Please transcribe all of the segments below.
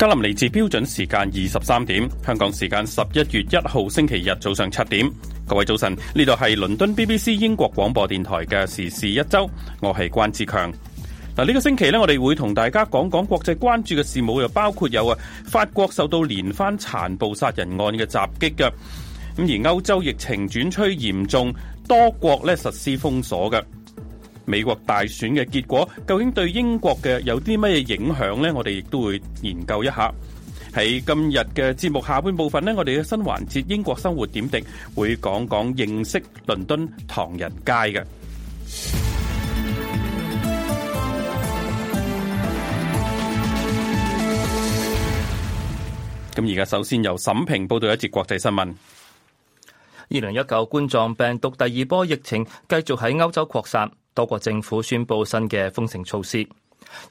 吉林嚟自標準時間二十三點，香港時間十一月一號星期日早上七點。各位早晨，呢度係倫敦 BBC 英國廣播電台嘅《時事一周》，我係關志強。嗱、啊，呢、這個星期咧，我哋會同大家講講國際關注嘅事務，又包括有啊，法國受到連番殘暴殺人案嘅襲擊嘅，咁而歐洲疫情轉趨嚴重，多國咧實施封鎖嘅。美國大選嘅結果，究竟對英國嘅有啲乜嘢影響呢？我哋亦都會研究一下。喺今日嘅節目下半部分呢，我哋嘅新環節《英國生活點滴》會講講認識倫敦唐人街嘅。咁而家首先由沈平報道一節國際新聞：二零一九冠狀病毒第二波疫情繼續喺歐洲擴散。多國政府宣布新嘅封城措施。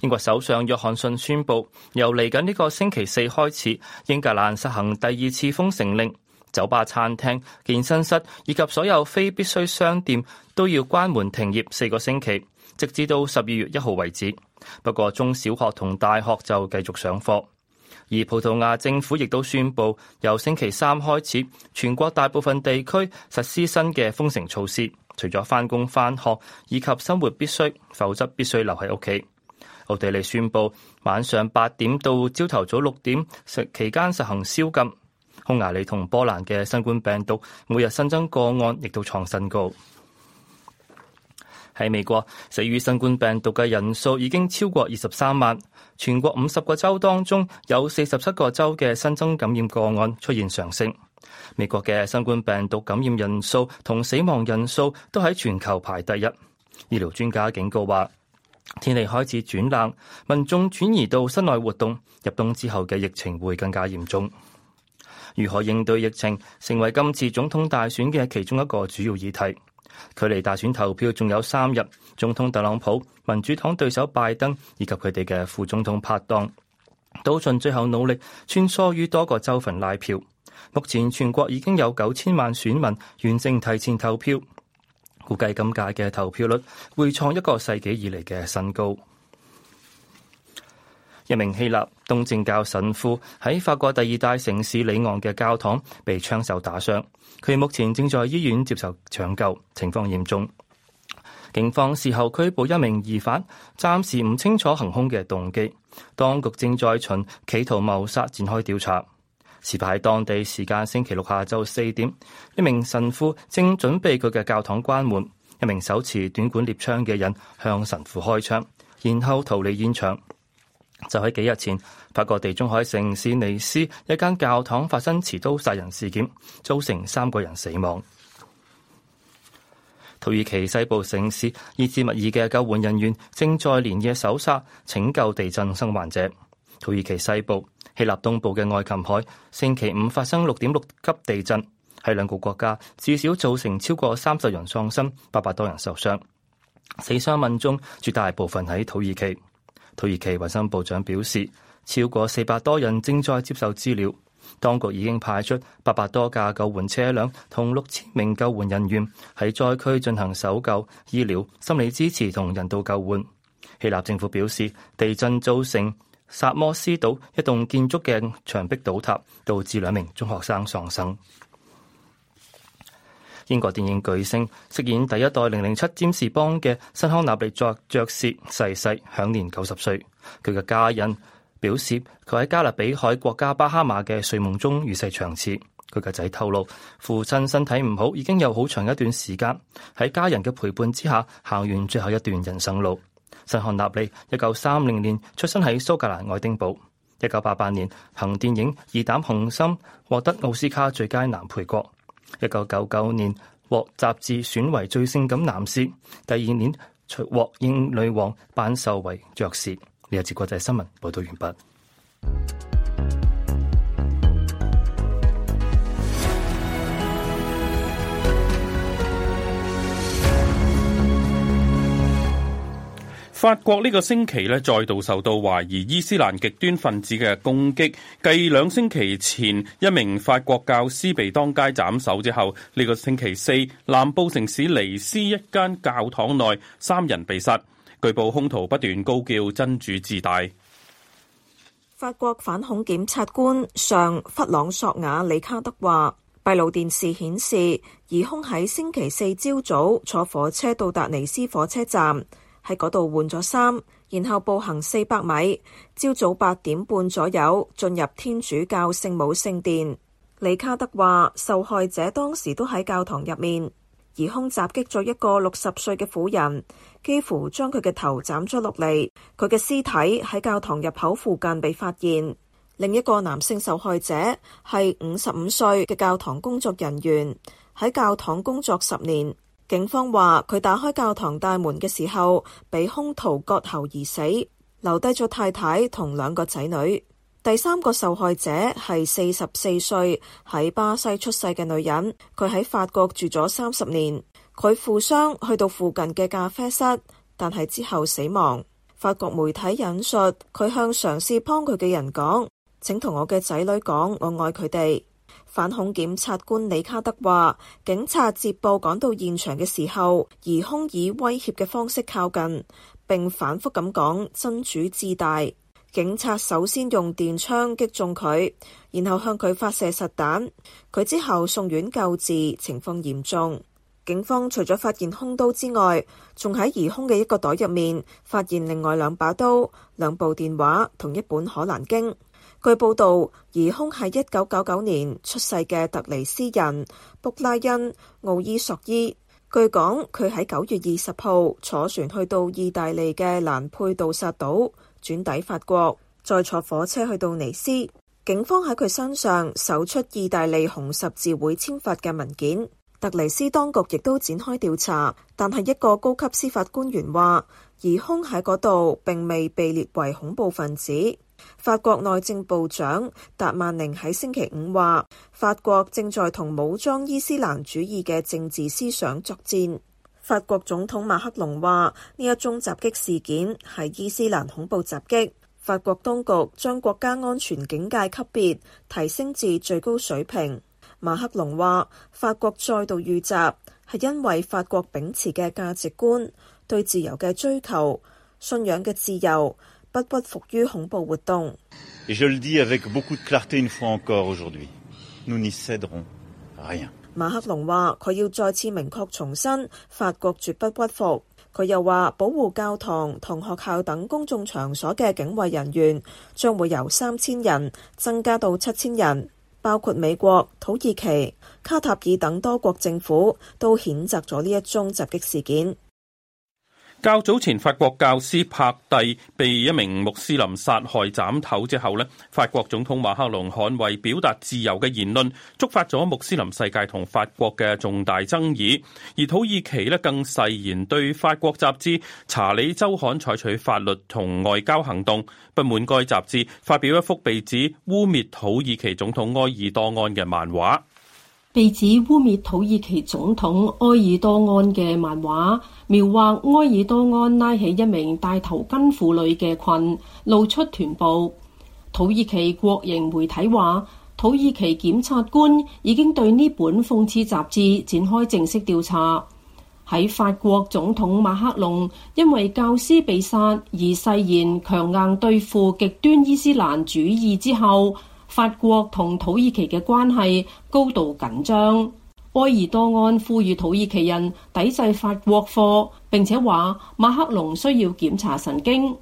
英國首相約翰遜宣布，由嚟緊呢個星期四開始，英格蘭實行第二次封城令，酒吧、餐廳、健身室以及所有非必需商店都要關門停業四個星期，直至到十二月一號為止。不過，中小學同大學就繼續上課。而葡萄牙政府亦都宣布，由星期三開始，全國大部分地區實施新嘅封城措施。除咗翻工翻學以及生活必須，否則必須留喺屋企。奧地利宣布晚上八點到朝頭早六點期間實行宵禁。匈牙利同波蘭嘅新冠病毒每日新增個案亦都創新高。喺美國，死於新冠病毒嘅人數已經超過二十三萬。全國五十個州當中，有四十七個州嘅新增感染個案出現上升。美國嘅新冠病毒感染人數同死亡人數都喺全球排第一。醫療專家警告話，天氣開始轉冷，民眾轉移到室內活動，入冬之後嘅疫情會更加嚴重。如何應對疫情，成為今次總統大選嘅其中一個主要議題。距離大選投票仲有三日，總統特朗普、民主黨對手拜登以及佢哋嘅副總統拍檔，都盡最後努力穿梭於多個州份拉票。目前全國已經有九千萬選民完成提前投票，估計今屆嘅投票率會創一個世紀以嚟嘅新高。一名希臘東正教神父喺法國第二大城市里昂嘅教堂被槍手打傷，佢目前正在醫院接受搶救，情況嚴重。警方事後拘捕一名疑犯，暫時唔清楚行兇嘅動機，當局正在循企圖謀殺展開調查。前排當地時間星期六下晝四點，一名神父正準備佢嘅教堂關門，一名手持短管獵槍嘅人向神父開槍，然後逃離現場。就喺幾日前，法國地中海城市尼斯一間教堂發生持刀殺人事件，造成三個人死亡。土耳其西部城市伊茲密爾嘅救援人員正在連夜搜索，拯救地震生還者。土耳其西部。希臘東部嘅愛琴海星期五發生六點六級地震，喺兩個國家至少造成超過三十人喪生，八百多人受傷，死傷民眾絕大部分喺土耳其。土耳其衛生部長表示，超過四百多人正在接受治療。當局已經派出八百多架救援車輛同六千名救援人員喺災區進行搜救、醫療、心理支持同人道救援。希臘政府表示，地震造成。薩摩斯島一棟建築嘅牆壁倒塌，導致兩名中學生喪生。英國電影巨星飾演第一代零零七占士邦嘅辛康納利作爵士逝世，享年九十歲。佢嘅家人表示，佢喺加勒比海國家巴哈馬嘅睡夢中與世長辭。佢個仔透露，父親身體唔好，已經有好長一段時間喺家人嘅陪伴之下行完最後一段人生路。辛康納利，一九三零年出生喺蘇格蘭愛丁堡。一九八八年憑電影《義膽雄心》獲得奧斯卡最佳男配角。一九九九年獲雜誌選為最性感男士，第二年獲英女王頒授為爵士。呢一節國際新聞報道完畢。法國呢個星期咧再度受到懷疑伊斯蘭極端分子嘅攻擊，繼兩星期前一名法國教師被當街斬首之後，呢、這個星期四，南部城市尼斯一間教堂內三人被殺，據報兇徒不斷高叫真主至大。法國反恐檢察官尚弗朗索瓦里卡德話：閉路電視顯示疑兇喺星期四朝早坐火車到達尼斯火車站。喺嗰度換咗衫，然後步行四百米，朝早八點半左右進入天主教聖母聖殿。李卡德話：受害者當時都喺教堂入面，疑凶襲擊咗一個六十歲嘅婦人，幾乎將佢嘅頭斬咗落嚟。佢嘅屍體喺教堂入口附近被發現。另一個男性受害者係五十五歲嘅教堂工作人員，喺教堂工作十年。警方話佢打開教堂大門嘅時候，被凶徒割喉而死，留低咗太太同兩個仔女。第三個受害者係四十四歲喺巴西出世嘅女人，佢喺法國住咗三十年。佢負傷去到附近嘅咖啡室，但係之後死亡。法國媒體引述佢向嘗試幫佢嘅人講：請同我嘅仔女講，我愛佢哋。反恐檢察官李卡德話，警察接報趕到現場嘅時候，疑兇以威脅嘅方式靠近，並反覆咁講真主至大。警察首先用電槍擊中佢，然後向佢發射實彈。佢之後送院救治，情況嚴重。警方除咗發現兇刀之外，仲喺疑兇嘅一個袋入面發現另外兩把刀、兩部電話同一本可蘭經。據報道，疑兇係一九九九年出世嘅突尼斯人卜拉恩·奧伊索伊。據講，佢喺九月二十號坐船去到意大利嘅蘭佩杜薩島，轉抵法國，再坐火車去到尼斯。警方喺佢身上搜出意大利紅十字會簽發嘅文件。突尼斯當局亦都展開調查，但係一個高級司法官員話，疑兇喺嗰度並未被列為恐怖分子。法國內政部長達曼寧喺星期五話，法國正在同武裝伊斯蘭主義嘅政治思想作戰。法國總統馬克龍話，呢一宗襲擊事件係伊斯蘭恐怖襲擊。法國當局將國家安全警戒級別提升至最高水平。馬克龍話，法國再度遇襲係因為法國秉持嘅價值觀，對自由嘅追求、信仰嘅自由。不屈服於恐怖活動。我馬克龍話：佢要再次明確重申，法國絕不屈服。佢又話，保護教堂同學校等公眾場所嘅警衛人員將會由三千人增加到七千人。包括美國、土耳其、卡塔爾等多國政府都譴責咗呢一宗襲擊事件。較早前，法國教師帕蒂被一名穆斯林殺害斬頭之後呢，法國總統馬克龍捍衛表達自由嘅言論，觸發咗穆斯林世界同法國嘅重大爭議。而土耳其呢，更誓言對法國雜誌《查理周刊》採取法律同外交行動，不滿該雜誌發表一幅被指污蔑土耳其總統埃爾多安嘅漫畫，被指污蔑土耳其總統埃爾多安嘅漫畫。描畫埃爾多安拉起一名戴頭巾婦女嘅裙，露出臀部。土耳其國營媒體話，土耳其檢察官已經對呢本諷刺雜誌展開正式調查。喺法國總統馬克龍因為教師被殺而誓言強硬對付極端伊斯蘭主義之後，法國同土耳其嘅關係高度緊張。埃爾多安呼籲土耳其人抵制法國貨，並且話馬克龍需要檢查神經。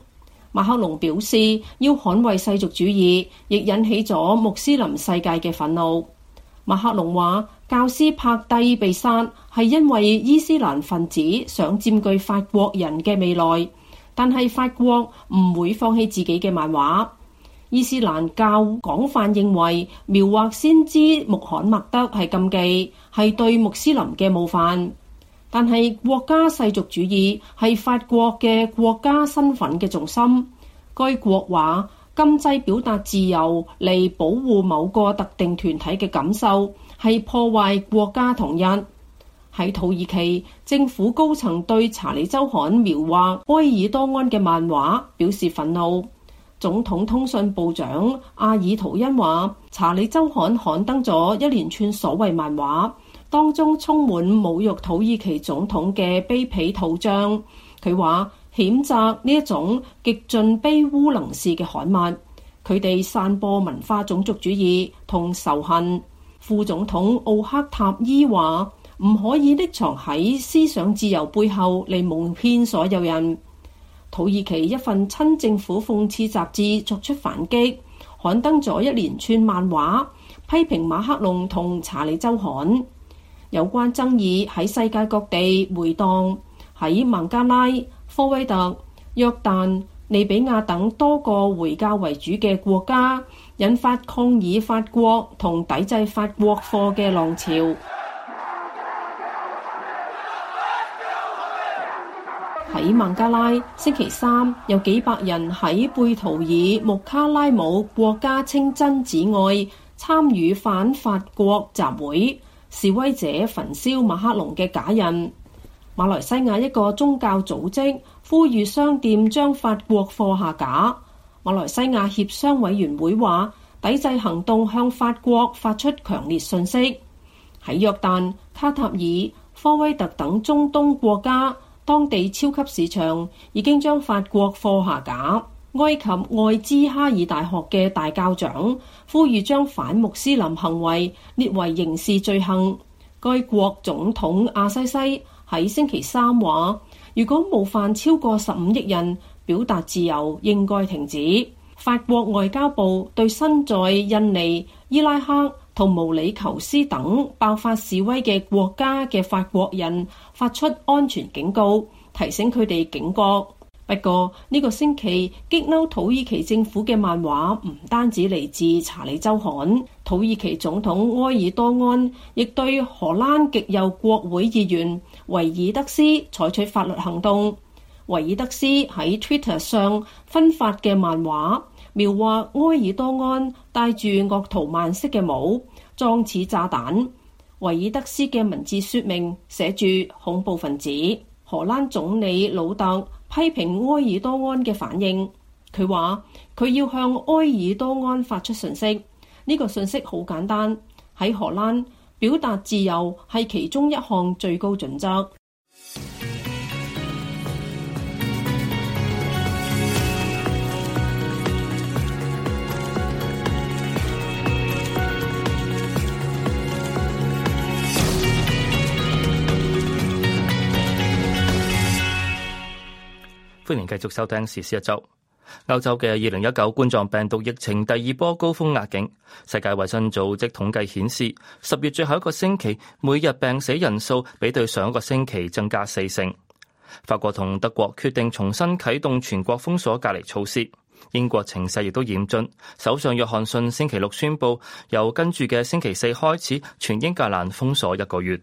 馬克龍表示要捍衞世俗主義，亦引起咗穆斯林世界嘅憤怒。馬克龍話教師帕蒂被殺係因為伊斯蘭分子想佔據法國人嘅未來，但係法國唔會放棄自己嘅漫畫。伊斯蘭教廣泛認為描畫先知穆罕默德係禁忌，係對穆斯林嘅冒犯。但係國家世俗主義係法國嘅國家身份嘅重心。該國話禁制表達自由嚟保護某個特定團體嘅感受係破壞國家統一。喺土耳其，政府高層對查理周刊描畫埃爾多安嘅漫畫表示憤怒。總統通訊部長阿爾圖因話：查理週刊刊登咗一連串所謂漫畫，當中充滿侮辱土耳其總統嘅卑鄙圖像。佢話：譴責呢一種極盡卑污能事嘅刊物，佢哋散播文化種族主義同仇恨。副總統奧克塔伊話：唔可以匿藏喺思想自由背後嚟蒙騙所有人。土耳其一份親政府諷刺雜誌作出反擊，刊登咗一連串漫畫，批評馬克龍同查理周刊。有關爭議喺世界各地回蕩，喺孟加拉、科威特、約旦、利比亞等多個回教為主嘅國家，引發抗議法國同抵制法國貨嘅浪潮。喺孟加拉，星期三有幾百人喺貝圖爾穆卡拉姆國家清真寺外參與反法國集會，示威者焚燒馬克龍嘅假人。馬來西亞一個宗教組織呼籲商店將法國貨下架。馬來西亞協商委員會話，抵制行動向法國發出強烈訊息。喺約旦、卡塔爾、科威特等中東國家，當地超級市場已經將法國貨下架。埃及愛茲哈爾大學嘅大教長呼籲將反穆斯林行為列為刑事罪行。該國總統阿西西喺星期三話，如果冒犯超過十五億人，表達自由應該停止。法國外交部對身在印尼、伊拉克。同毛里求斯等爆發示威嘅國家嘅法國人發出安全警告，提醒佢哋警覺。不過呢個星期激嬲土耳其政府嘅漫畫唔單止嚟自查理周刊，土耳其總統埃爾多安亦對荷蘭極右國會議員維爾德斯採取法律行動。維爾德斯喺 Twitter 上分發嘅漫畫。描畫埃爾多安帶住奧圖曼式嘅帽，裝似炸彈。維爾德斯嘅文字說明寫住恐怖分子。荷蘭總理魯特批評埃爾多安嘅反應，佢話佢要向埃爾多安發出訊息，呢、這個訊息好簡單，喺荷蘭表達自由係其中一項最高準則。歡迎繼續收聽時事一周。歐洲嘅二零一九冠狀病毒疫情第二波高峰壓境。世界衛生組織統、統計顯示，十月最後一個星期，每日病死人數比對上一個星期增加四成。法國同德國決定重新啟動全國封鎖隔離措施。英國情勢亦都嚴峻，首相約翰遜星、星期六宣布，由跟住嘅星期四開始，全英格蘭封鎖一個月。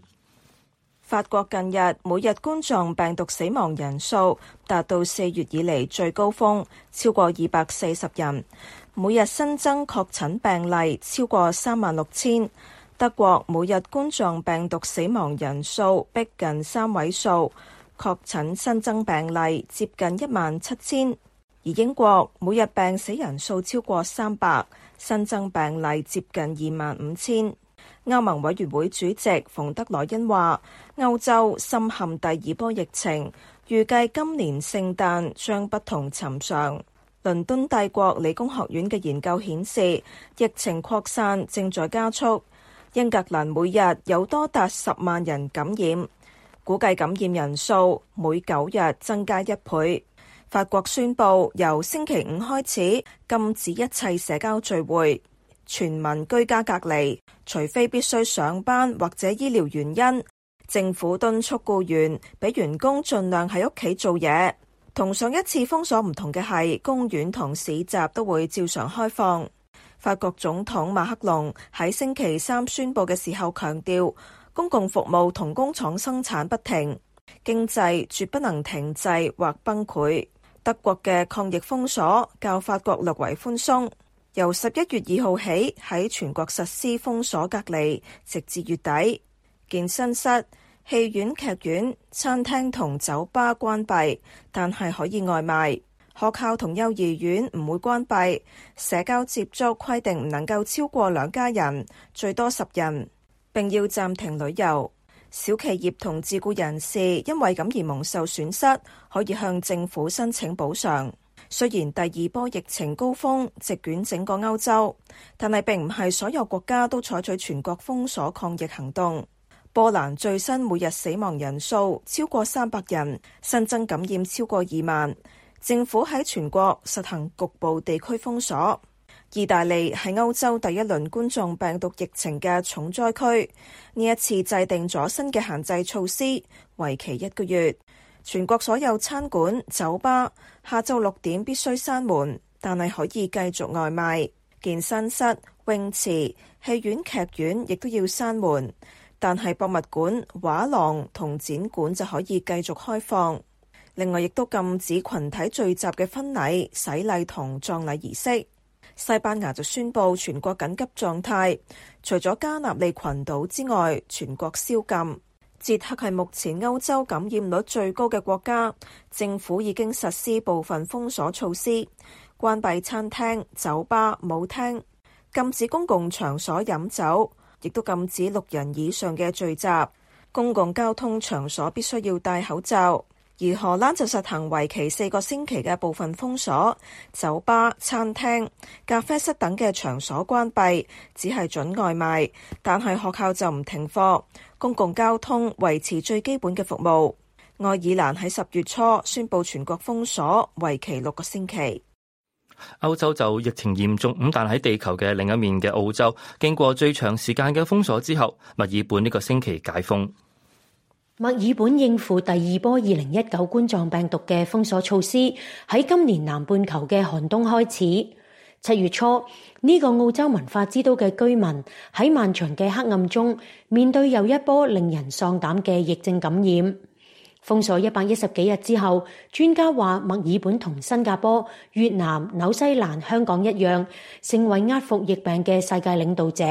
法國近日每日冠狀病毒死亡人數達到四月以來最高峰，超過二百四十人；每日新增確診病例超過三萬六千。德國每日冠狀病毒死亡人數逼近三位數，確診新增病例接近一萬七千。而英國每日病死人數超過三百，新增病例接近二萬五千。歐盟委員會主席馮德萊恩話：歐洲深陷第二波疫情，預計今年聖誕將不同尋常。倫敦帝國理工學院嘅研究顯示，疫情擴散正在加速。英格蘭每日有多達十萬人感染，估計感染人數每九日增加一倍。法國宣佈由星期五開始禁止一切社交聚會。全民居家隔離，除非必須上班或者醫療原因，政府敦促僱員俾員工盡量喺屋企做嘢。同上一次封鎖唔同嘅係，公園同市集都會照常開放。法國總統馬克龍喺星期三宣布嘅時候強調，公共服務同工廠生產不停，經濟絕不能停滯或崩潰。德國嘅抗疫封鎖較法國略為寬鬆。由十一月二號起喺全國實施封鎖隔離，直至月底。健身室、戲院、劇院、餐廳同酒吧關閉，但係可以外賣。學校同幼兒園唔會關閉。社交接觸規定唔能夠超過兩家人，最多十人，並要暫停旅遊。小企業同自僱人士因為咁而蒙受損失，可以向政府申請補償。雖然第二波疫情高峰席捲整個歐洲，但係並唔係所有國家都採取全國封鎖抗疫行動。波蘭最新每日死亡人數超過三百人，新增感染超過二萬，政府喺全國實行局部地區封鎖。意大利係歐洲第一輪冠狀病毒疫情嘅重災區，呢一次制定咗新嘅限制措施，為期一個月。全國所有餐館、酒吧下晝六點必須閂門，但係可以繼續外賣。健身室、泳池、戲院、劇院亦都要閂門，但係博物館、畫廊同展館就可以繼續開放。另外，亦都禁止群體聚集嘅婚禮、洗禮同葬禮儀式。西班牙就宣布全國緊急狀態，除咗加納利群島之外，全國宵禁。捷克係目前歐洲感染率最高嘅國家，政府已經實施部分封鎖措施，關閉餐廳、酒吧、舞廳，禁止公共場所飲酒，亦都禁止六人以上嘅聚集。公共交通場所必須要戴口罩。而荷蘭就實行為期四個星期嘅部分封鎖，酒吧、餐廳、咖啡室等嘅場所關閉，只係准外賣。但係學校就唔停課，公共交通維持最基本嘅服務。愛爾蘭喺十月初宣布全國封鎖，為期六個星期。歐洲就疫情嚴重，咁但喺地球嘅另一面嘅澳洲，經過最長時間嘅封鎖之後，墨爾本呢個星期解封。墨爾本應付第二波二零一九冠狀病毒嘅封鎖措施喺今年南半球嘅寒冬開始。七月初，呢個澳洲文化之都嘅居民喺漫長嘅黑暗中面對又一波令人喪膽嘅疫症感染。封鎖一百一十幾日之後，專家話墨爾本同新加坡、越南、紐西蘭、香港一樣，成為壓服疫病嘅世界領導者。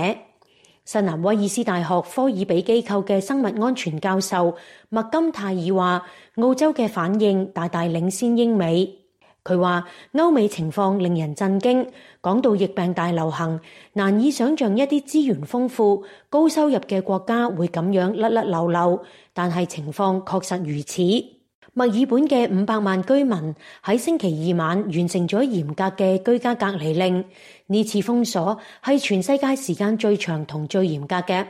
新南威爾斯大學科爾比機構嘅生物安全教授麥金泰爾話：澳洲嘅反應大大領先英美。佢話歐美情況令人震驚，講到疫病大流行，難以想象一啲資源豐富、高收入嘅國家會咁樣甩甩漏漏，但係情況確實如此。墨爾本嘅五百萬居民喺星期二晚完成咗嚴格嘅居家隔離令。呢次封鎖係全世界時間最長同最嚴格嘅。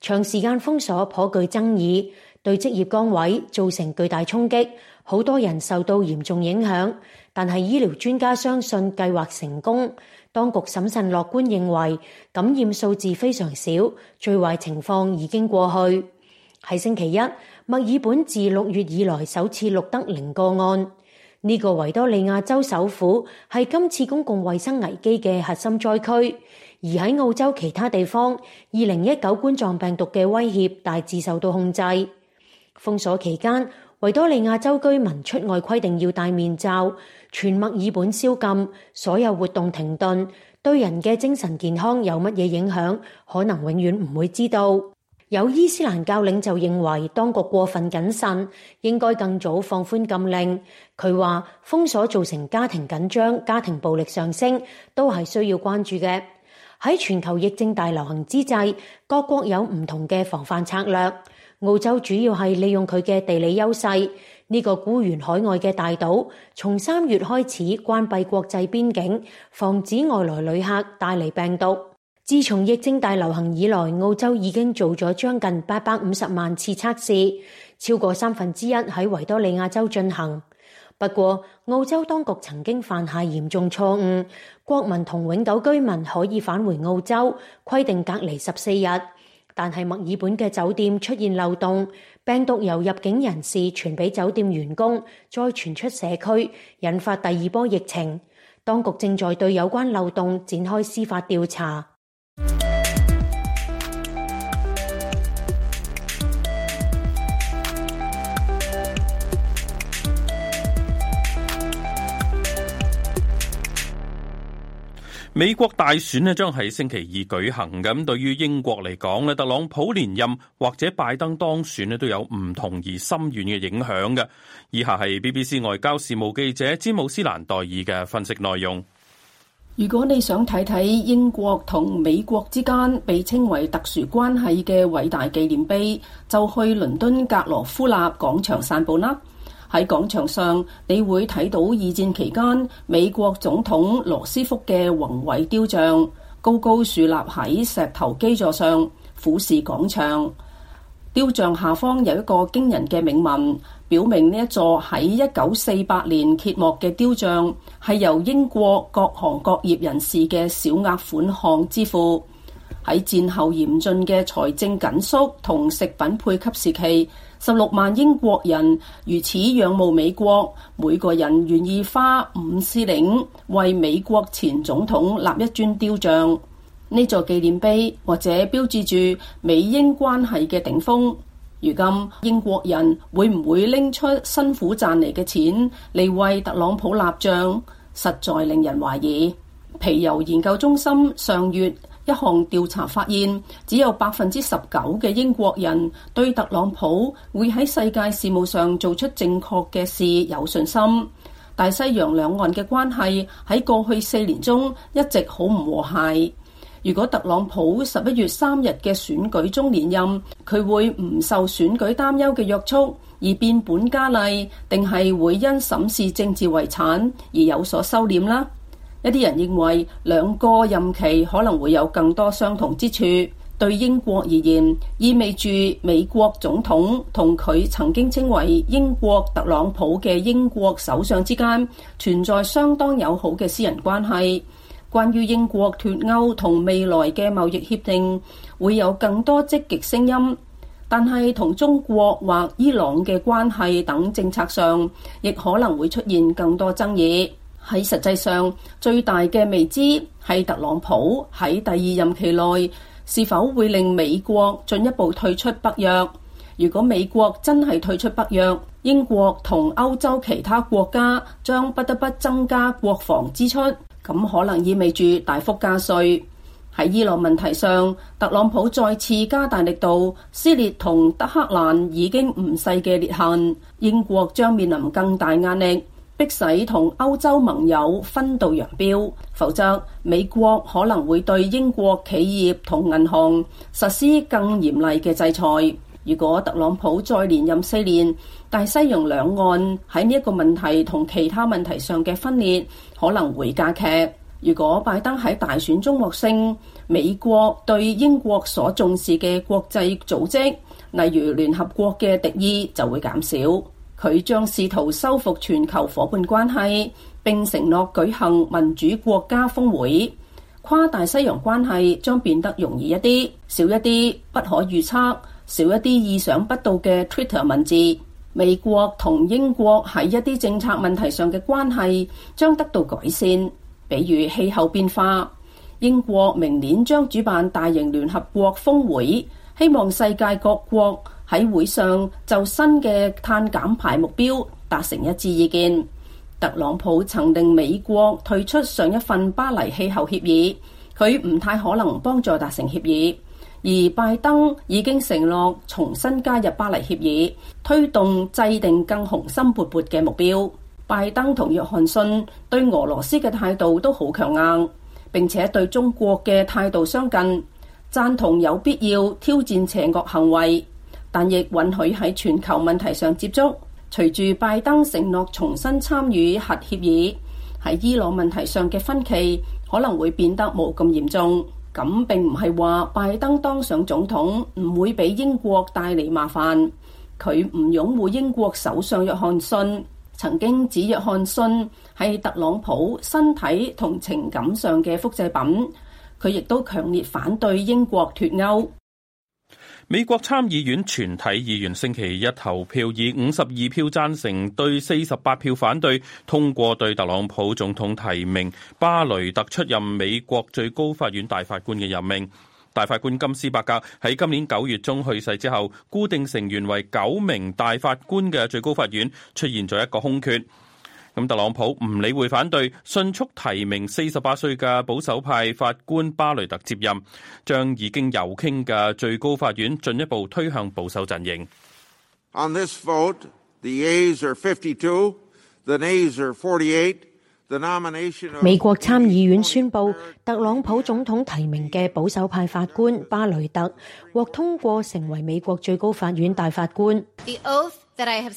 長時間封鎖頗具爭議，對職業崗位造成巨大衝擊，好多人受到嚴重影響。但係醫療專家相信計劃成功，當局審慎樂觀認為感染數字非常少，最壞情況已經過去。喺星期一，墨爾本自六月以來首次錄得零個案，呢個維多利亞州首府係今次公共衛生危機嘅核心災區。而喺澳洲其他地方，二零一九冠狀病毒嘅威脅大致受到控制。封鎖期間，維多利亞州居民出外規定要戴面罩，全墨爾本宵禁，所有活動停頓。對人嘅精神健康有乜嘢影響，可能永遠唔會知道。有伊斯蘭教領袖認為，當局過分謹慎，應該更早放寬禁令。佢話封鎖造成家庭緊張、家庭暴力上升，都係需要關注嘅。喺全球疫症大流行之際，各國有唔同嘅防範策略。澳洲主要係利用佢嘅地理優勢，呢、這個孤懸海外嘅大島，從三月開始關閉國際邊境，防止外來旅客帶嚟病毒。自從疫症大流行以來，澳洲已經做咗將近八百五十萬次測試，超過三分之一喺維多利亞州進行。不過，澳洲當局曾經犯下嚴重錯誤，國民同永久居民可以返回澳洲，規定隔離十四日。但係墨爾本嘅酒店出現漏洞，病毒由入境人士傳俾酒店員工，再傳出社區，引發第二波疫情。當局正在對有關漏洞展開司法調查。美國大選呢將喺星期二舉行，咁對於英國嚟講呢，特朗普連任或者拜登當選呢都有唔同而深遠嘅影響嘅。以下係 BBC 外交事務記者詹姆斯蘭代爾嘅分析內容。如果你想睇睇英國同美國之間被稱為特殊關係嘅偉大紀念碑，就去倫敦格羅夫納廣場散步啦。喺廣場上，你會睇到二戰期間美國總統羅斯福嘅宏偉雕像，高高豎立喺石頭基座上，俯視廣場。雕像下方有一個驚人嘅銘文，表明呢一座喺一九四八年揭幕嘅雕像係由英國各行各業人士嘅小額款項支付。喺戰後嚴峻嘅財政緊縮同食品配給時期，十六萬英國人如此仰慕美國，每個人願意花五司令為美國前總統立一尊雕像。呢座紀念碑或者標誌住美英關係嘅頂峰。如今英國人會唔會拎出辛苦賺嚟嘅錢嚟為特朗普立像，實在令人懷疑。皮尤研究中心上月一項調查發現，只有百分之十九嘅英國人對特朗普會喺世界事務上做出正確嘅事有信心。大西洋兩岸嘅關係喺過去四年中一直好唔和諧。如果特朗普十一月三日嘅選舉中連任，佢會唔受選舉擔憂嘅約束而變本加厲，定係會因審視政治遺產而有所收斂啦？一啲人認為，兩個任期可能會有更多相同之處。對英國而言，意味住美國總統同佢曾經稱為英國特朗普嘅英國首相之間存在相當友好嘅私人關係。關於英國脫歐同未來嘅貿易協定會有更多積極聲音，但係同中國或伊朗嘅關係等政策上，亦可能會出現更多爭議。喺實際上，最大嘅未知係特朗普喺第二任期內是否會令美國進一步退出北約。如果美國真係退出北約，英國同歐洲其他國家將不得不增加國防支出。咁可能意味住大幅加稅。喺伊朗問題上，特朗普再次加大力度，撕裂同德黑蘭已經唔細嘅裂痕。英國將面臨更大壓力，迫使同歐洲盟友分道揚鑣，否則美國可能會對英國企業同銀行實施更嚴厲嘅制裁。如果特朗普再連任四年，大西洋兩岸喺呢一個問題同其他問題上嘅分裂可能會加劇。如果拜登喺大選中獲勝，美國對英國所重視嘅國際組織，例如聯合國嘅敵意就會減少。佢將試圖修復全球伙伴關係，並承諾舉行民主國家峰會，跨大西洋關係將變得容易一啲，少一啲不可預測，少一啲意想不到嘅 Twitter 文字。美國同英國喺一啲政策問題上嘅關係將得到改善，比如氣候變化。英國明年將主辦大型聯合國峰會，希望世界各國喺會上就新嘅碳減排目標達成一致意見。特朗普曾令美國退出上一份巴黎氣候協議，佢唔太可能幫助達成協議。而拜登已經承諾重新加入巴黎協議，推動制定更雄心勃勃嘅目標。拜登同約翰遜對俄羅斯嘅態度都好強硬，並且對中國嘅態度相近，贊同有必要挑戰邪惡行為，但亦允許喺全球問題上接觸。隨住拜登承諾重新參與核協議，喺伊朗問題上嘅分歧可能會變得冇咁嚴重。咁並唔係話拜登當上總統唔會俾英國帶嚟麻煩，佢唔擁護英國首相約翰遜，曾經指約翰遜係特朗普身體同情感上嘅複製品，佢亦都強烈反對英國脫歐。美國參議院全體議員星期一投票，以五十二票贊成對四十八票反對，通過對特朗普總統提名巴雷特出任美國最高法院大法官嘅任命。大法官金斯伯格喺今年九月中去世之後，固定成員為九名大法官嘅最高法院出現咗一個空缺。咁特朗普唔理會反對，迅速提名四十八歲嘅保守派法官巴雷特接任，將已經右傾嘅最高法院進一步推向保守陣營。Vote, 52, 48, 美國參議院宣布，特朗普總統提名嘅保守派法官巴雷特獲通過，成為美國最高法院大法官。The oath that I have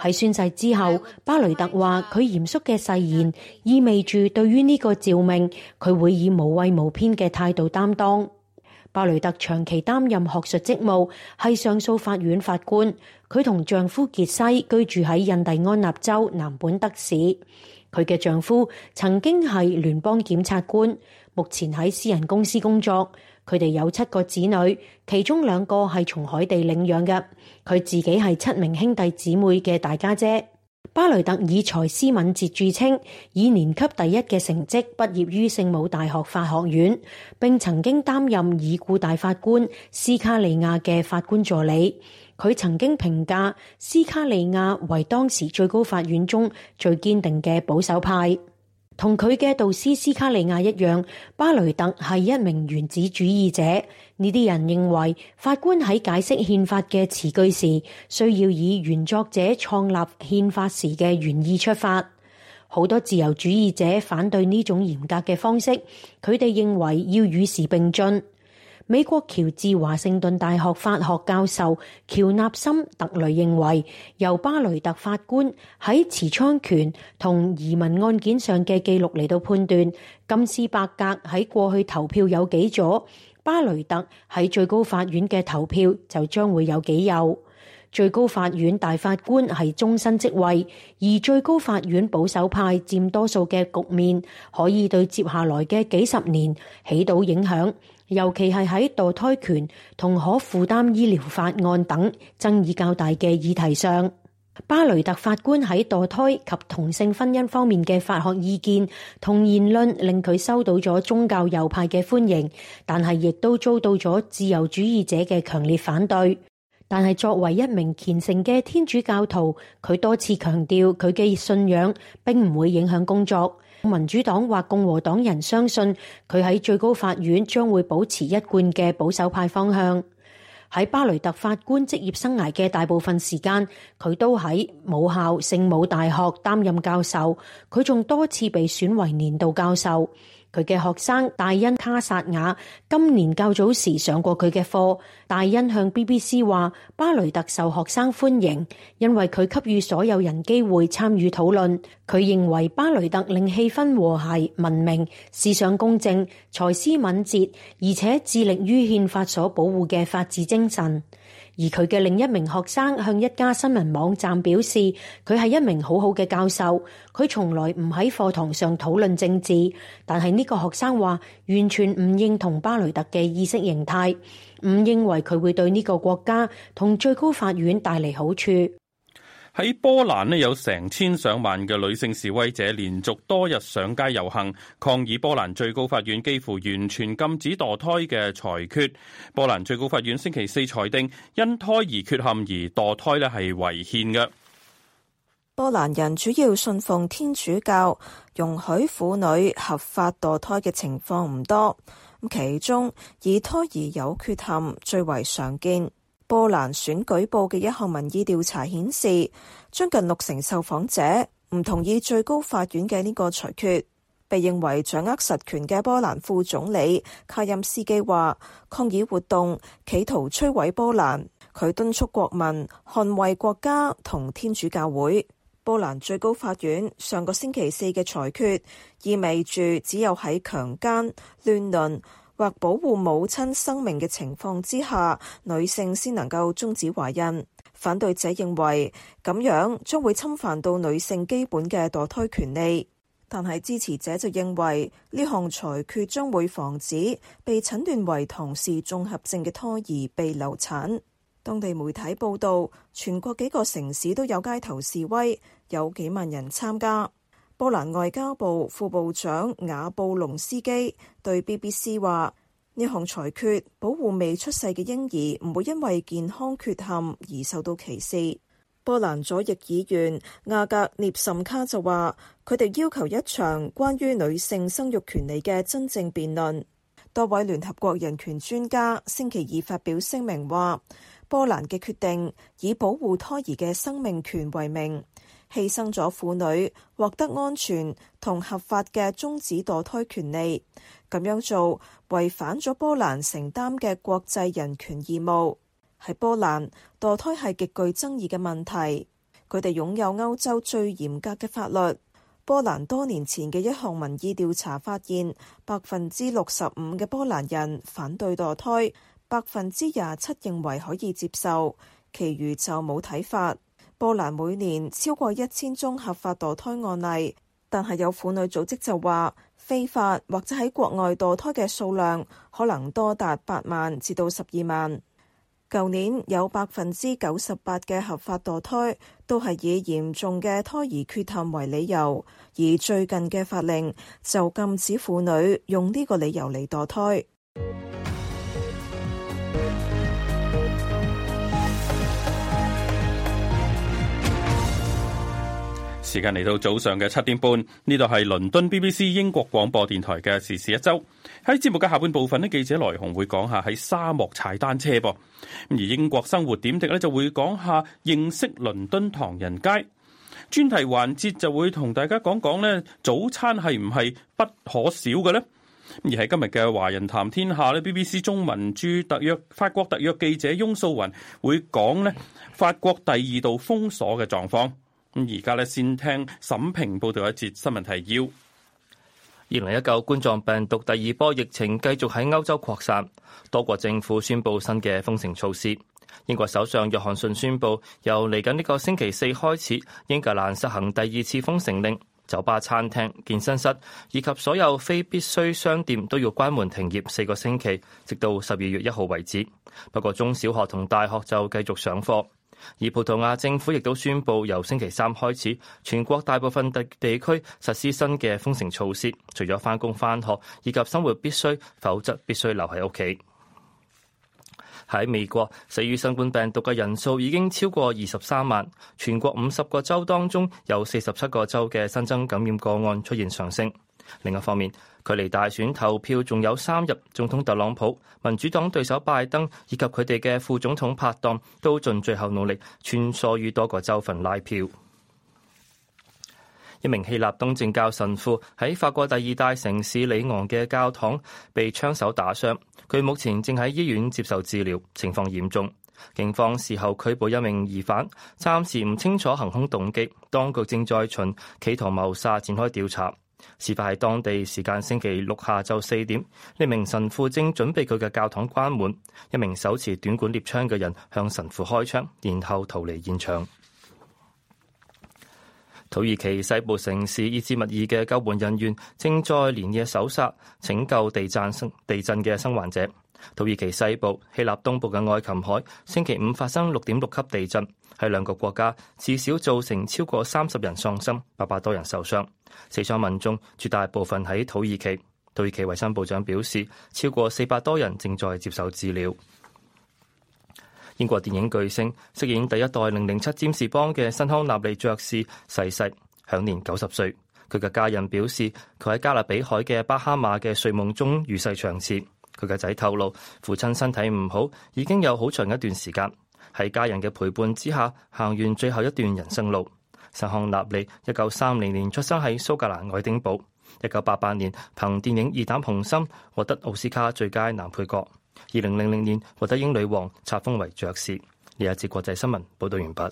喺宣誓之後，巴雷特話：佢嚴肅嘅誓言意味住對於呢個召命，佢會以無畏無偏嘅態度擔當。巴雷特長期擔任學術職務，係上訴法院法官。佢同丈夫傑西居住喺印第安納州南本德市。佢嘅丈夫曾經係聯邦檢察官，目前喺私人公司工作。佢哋有七個子女，其中兩個係從海地領養嘅。佢自己係七名兄弟姊妹嘅大家姐。巴雷特以才思敏捷著稱，以年級第一嘅成績畢業於聖母大學法學院，並曾經擔任已故大法官斯卡利亞嘅法官助理。佢曾經評價斯卡利亞為當時最高法院中最堅定嘅保守派。同佢嘅導師斯卡利亞一樣，巴雷特係一名原子主義者。呢啲人認為法官喺解釋憲法嘅詞句時，需要以原作者創立憲法時嘅原意出發。好多自由主義者反對呢種嚴格嘅方式，佢哋認為要與時並進。美國喬治華盛頓大學法學教授喬納森特雷認為，由巴雷特法官喺持槍權同移民案件上嘅記錄嚟到判斷，金斯伯格喺過去投票有幾左，巴雷特喺最高法院嘅投票就將會有幾右。最高法院大法官係終身職位，而最高法院保守派佔多數嘅局面，可以對接下來嘅幾十年起到影響。尤其係喺墮胎權同可負擔醫療法案等爭議較大嘅議題上，巴雷特法官喺墮胎及同性婚姻方面嘅法學意見同言論，令佢收到咗宗教右派嘅歡迎，但係亦都遭到咗自由主義者嘅強烈反對。但係作為一名虔誠嘅天主教徒，佢多次強調佢嘅信仰並唔會影響工作。民主黨或共和黨人相信，佢喺最高法院將會保持一貫嘅保守派方向。喺巴雷特法官職業生涯嘅大部分時間，佢都喺母校聖母大學擔任教授，佢仲多次被選為年度教授。佢嘅學生大恩卡薩雅今年較早時上過佢嘅課。大恩向 BBC 話：巴雷特受學生歡迎，因為佢給予所有人機會參與討論。佢認為巴雷特令氣氛和諧、文明、思想公正、才思敏捷，而且致力於憲法所保護嘅法治精神。而佢嘅另一名學生向一家新聞網站表示，佢係一名好好嘅教授，佢從來唔喺課堂上討論政治。但係呢個學生話，完全唔認同巴雷特嘅意識形態，唔認為佢會對呢個國家同最高法院帶嚟好處。喺波蘭呢，有成千上萬嘅女性示威者連續多日上街游行，抗議波蘭最高法院幾乎完全禁止墮胎嘅裁決。波蘭最高法院星期四裁定，因胎兒缺陷而墮胎呢係違憲嘅。波蘭人主要信奉天主教，容許婦女合法墮胎嘅情況唔多，咁其中以胎兒有缺陷最為常見。波蘭選舉報嘅一項民意調查顯示，將近六成受訪者唔同意最高法院嘅呢個裁決。被認為掌握實權嘅波蘭副總理卡任斯基話，抗議活動企圖摧毀波蘭。佢敦促國民捍衛國家同天主教會。波蘭最高法院上個星期四嘅裁決意味住只有喺強姦、亂倫。或保護母親生命嘅情況之下，女性先能夠終止懷孕。反對者認為咁樣將會侵犯到女性基本嘅墮胎權利，但係支持者就認為呢項裁決將會防止被診斷為唐氏綜合症嘅胎兒被流產。當地媒體報導，全國幾個城市都有街頭示威，有幾萬人參加。波蘭外交部副部長雅布隆斯基對 BBC 話：呢項裁決保護未出世嘅嬰兒唔會因為健康缺陷而受到歧視。波蘭左翼議員亞格涅什卡就話：佢哋要求一場關於女性生育權利嘅真正辯論。多位聯合國人權專家星期二發表聲明話：波蘭嘅決定以保護胎兒嘅生命權為名，犧牲咗婦女獲得安全同合法嘅終止墮胎權利，咁樣做違反咗波蘭承擔嘅國際人權義務。喺波蘭，墮胎係極具爭議嘅問題。佢哋擁有歐洲最嚴格嘅法律。波蘭多年前嘅一項民意調查發現，百分之六十五嘅波蘭人反對墮胎，百分之廿七認為可以接受，其餘就冇睇法。波蘭每年超過一千宗合法墮胎案例，但係有婦女組織就話非法或者喺國外墮胎嘅數量可能多達八萬至到十二萬。舊年有百分之九十八嘅合法墮胎都係以嚴重嘅胎兒缺陷為理由，而最近嘅法令就禁止婦女用呢個理由嚟墮胎。時間嚟到早上嘅七點半，呢度係倫敦 BBC 英國廣播電台嘅時事一周。喺節目嘅下半部分咧，記者來鴻會講下喺沙漠踩單車噃。而英國生活點滴呢，就會講下認識倫敦唐人街。專題環節就會同大家講講咧，早餐係唔係不可少嘅呢？而喺今日嘅華人談天下呢，BBC 中文駐特約、法國特約記者翁素云會講呢，法國第二度封鎖嘅狀況。咁而家咧，先聽沈平報道一節新聞提要。二零一九冠狀病毒第二波疫情繼續喺歐洲擴散，多國政府宣布新嘅封城措施。英國首相約翰遜宣布，由嚟緊呢個星期四開始，英格蘭實行第二次封城令，酒吧、餐廳、健身室以及所有非必須商店都要關門停業四個星期，直到十二月一號為止。不過，中小學同大學就繼續上課。而葡萄牙政府亦都宣布，由星期三開始，全國大部分地區實施新嘅封城措施，除咗翻工翻學以及生活必須，否則必須留喺屋企。喺美國，死於新冠病毒嘅人數已經超過二十三萬，全國五十個州當中，有四十七個州嘅新增感染個案出現上升。另一方面，距離大選投票仲有三日，總統特朗普、民主黨對手拜登以及佢哋嘅副總統拍檔都盡最後努力穿梭於多個州份拉票。一名希臘東正教神父喺法國第二大城市里昂嘅教堂被槍手打傷，佢目前正喺醫院接受治療，情況嚴重。警方事後拘捕一名疑犯，暫時唔清楚行兇動機，當局正在循企圖謀殺展開調查。事發係當地時間星期六下晝四點，呢名神父正準備佢嘅教堂關門，一名手持短管獵槍嘅人向神父開槍，然後逃離現場。土耳其西部城市伊茲密爾嘅救援人員正在連夜搜索、拯救地震生地震嘅生還者。土耳其西部、希臘東部嘅愛琴海，星期五發生六點六級地震，喺兩個國家至少造成超過三十人喪生、八百多人受傷。死傷民眾絕大部分喺土耳其。土耳其衞生部長表示，超過四百多人正在接受治療。英國電影巨星飾演第一代零零七占士邦嘅新康納利爵士逝世，世，享年九十歲。佢嘅家人表示，佢喺加勒比海嘅巴哈馬嘅睡夢中與世長辭。佢嘅仔透露，父親身體唔好，已經有好長一段時間，喺家人嘅陪伴之下行完最後一段人生路。辛康納利一九三零年出生喺蘇格蘭愛丁堡，一九八八年憑電影《義膽雄心》獲得奧斯卡最佳男配角，二零零零年獲得英女王冊封為爵士。呢一節國際新聞報道完畢。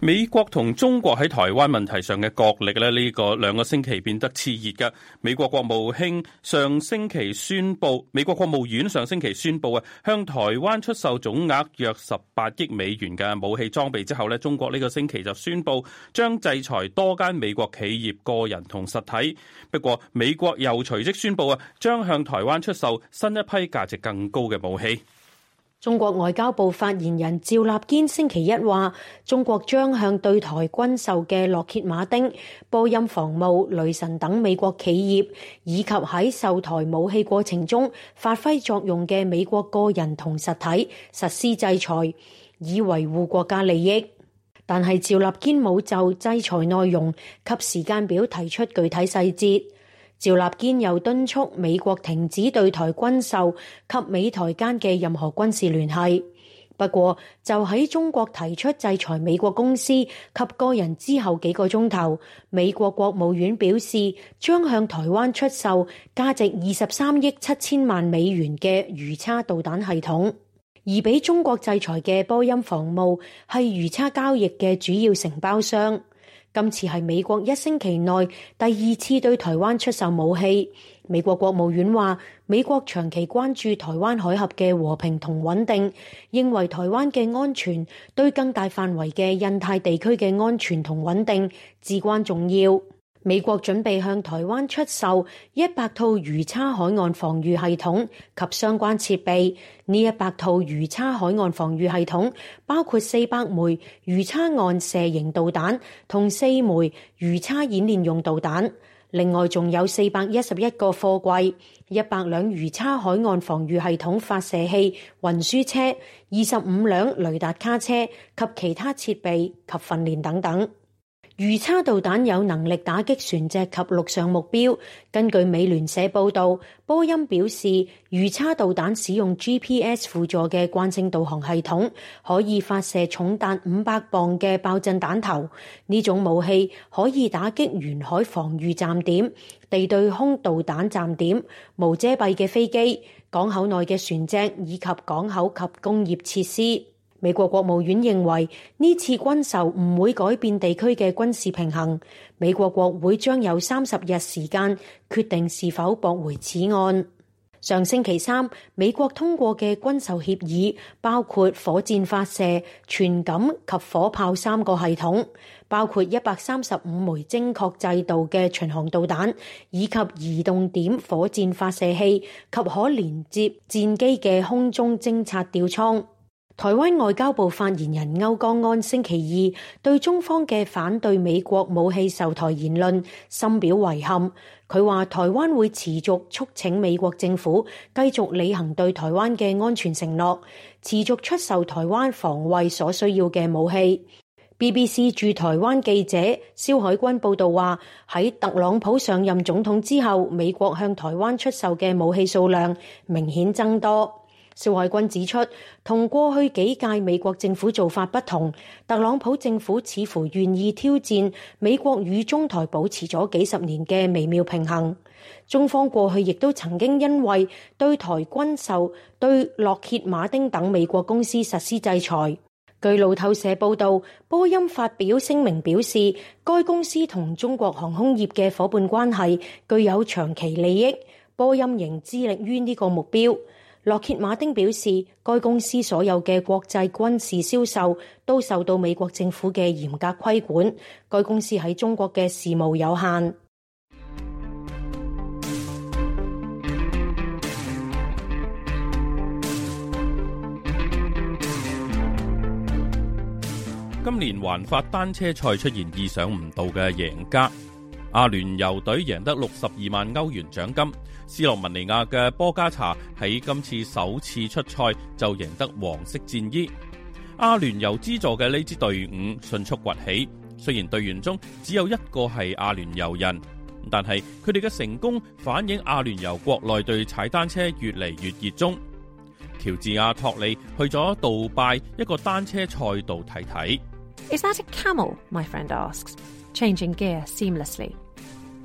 美國同中國喺台灣問題上嘅角力咧，呢個兩個星期變得熾熱㗎。美國國務卿上星期宣布，美國國務院上星期宣布啊，向台灣出售總額約十八億美元嘅武器裝備之後呢，中國呢個星期就宣布將制裁多間美國企業、個人同實體。不過美國又隨即宣布啊，將向台灣出售新一批價值更高嘅武器。中國外交部發言人趙立堅星期一話，中國將向對台軍售嘅洛歇馬丁、波音防務、雷神等美國企業，以及喺售台武器過程中發揮作用嘅美國個人同實體實施制裁，以維護國家利益。但係趙立堅冇就制裁內容及時間表提出具體細節。趙立堅又敦促美國停止對台軍售及美台間嘅任何軍事聯繫。不過，就喺中國提出制裁美國公司及個人之後幾個鐘頭，美國國務院表示將向台灣出售價值二十三億七千萬美元嘅魚叉導彈系統，而俾中國制裁嘅波音防務，係魚叉交易嘅主要承包商。今次係美國一星期內第二次對台灣出售武器。美國國務院話，美國長期關注台灣海峽嘅和平同穩定，認為台灣嘅安全對更大範圍嘅印太地區嘅安全同穩定至關重要。美國準備向台灣出售一百套魚叉海岸防禦系統及相關設備。呢一百套魚叉海岸防禦系統包括四百枚魚叉岸射型導彈同四枚魚叉演練用導彈，另外仲有四百一十一個貨櫃、一百輛魚叉海岸防禦系統發射器、運輸車、二十五輛雷達卡車及其他設備及訓練等等。魚叉導彈有能力打擊船隻及陸上目標。根據美聯社報道，波音表示，魚叉導彈使用 GPS 輔助嘅慣性導航系統，可以發射重達五百磅嘅爆震彈頭。呢種武器可以打擊沿海防禦站點、地對空導彈站點、無遮蔽嘅飛機、港口內嘅船隻以及港口及工業設施。美國國務院認為呢次軍售唔會改變地區嘅軍事平衡。美國國會將有三十日時間決定是否駁回此案。上星期三，美國通過嘅軍售協議包括火箭發射、傳感及火炮三個系統，包括一百三十五枚精確制導嘅巡航導彈，以及移動點火箭發射器及可連接戰機嘅空中偵察吊艙。台灣外交部發言人歐江安星期二對中方嘅反對美國武器售台言論深表遺憾。佢話台灣會持續促請美國政府繼續履行對台灣嘅安全承諾，持續出售台灣防衛所需要嘅武器。BBC 駐台灣記者蕭海軍報道話，喺特朗普上任總統之後，美國向台灣出售嘅武器數量明顯增多。邵海君指出，同過去幾屆美國政府做法不同，特朗普政府似乎願意挑戰美國與中台保持咗幾十年嘅微妙平衡。中方過去亦都曾經因為對台軍售、對洛歇馬丁等美國公司實施制裁。據路透社報道，波音發表聲明表示，該公司同中國航空業嘅伙伴關係具有長期利益，波音仍致力於呢個目標。洛歇馬丁表示，該公司所有嘅國際軍事銷售都受到美國政府嘅嚴格規管。該公司喺中國嘅事務有限。今年環法單車賽出現意想唔到嘅贏家，阿聯酋隊贏得六十二萬歐元獎金。斯洛文尼亞嘅波加查喺今次首次出賽就贏得黃色戰衣。阿聯酋資助嘅呢支隊伍迅速崛起，雖然隊員中只有一個係阿聯酋人，但係佢哋嘅成功反映阿聯酋國內對踩單車越嚟越熱衷。喬治亞托利去咗杜拜一個單車賽道睇睇。Is that a camel? My friend asks, changing gear seamlessly.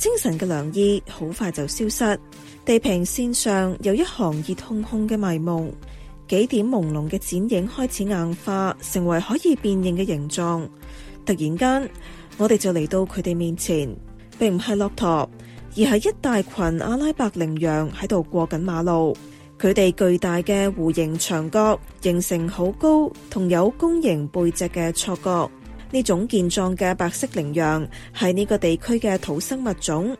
清晨嘅涼意好快就消失，地平線上有一行熱烘烘嘅迷霧，幾點朦朧嘅剪影開始硬化，成為可以辨認嘅形狀。突然間，我哋就嚟到佢哋面前，並唔係駱駝，而係一大群阿拉伯羚羊喺度過緊馬路。佢哋巨大嘅弧形長角形成好高同有弓形背脊嘅錯覺。呢種健壯嘅白色羚羊係呢個地區嘅土生物種，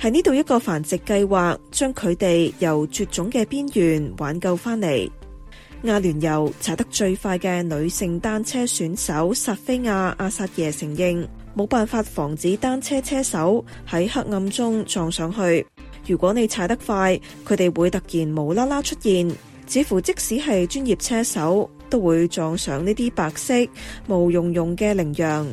喺呢度一個繁殖計劃將佢哋由絕種嘅邊緣挽救翻嚟。阿聯酋踩得最快嘅女性單車選手薩菲亞阿薩耶承認，冇辦法防止單車車手喺黑暗中撞上去。如果你踩得快，佢哋會突然無啦啦出現，似乎即使係專業車手都會撞上呢啲白色毛茸茸嘅羚羊，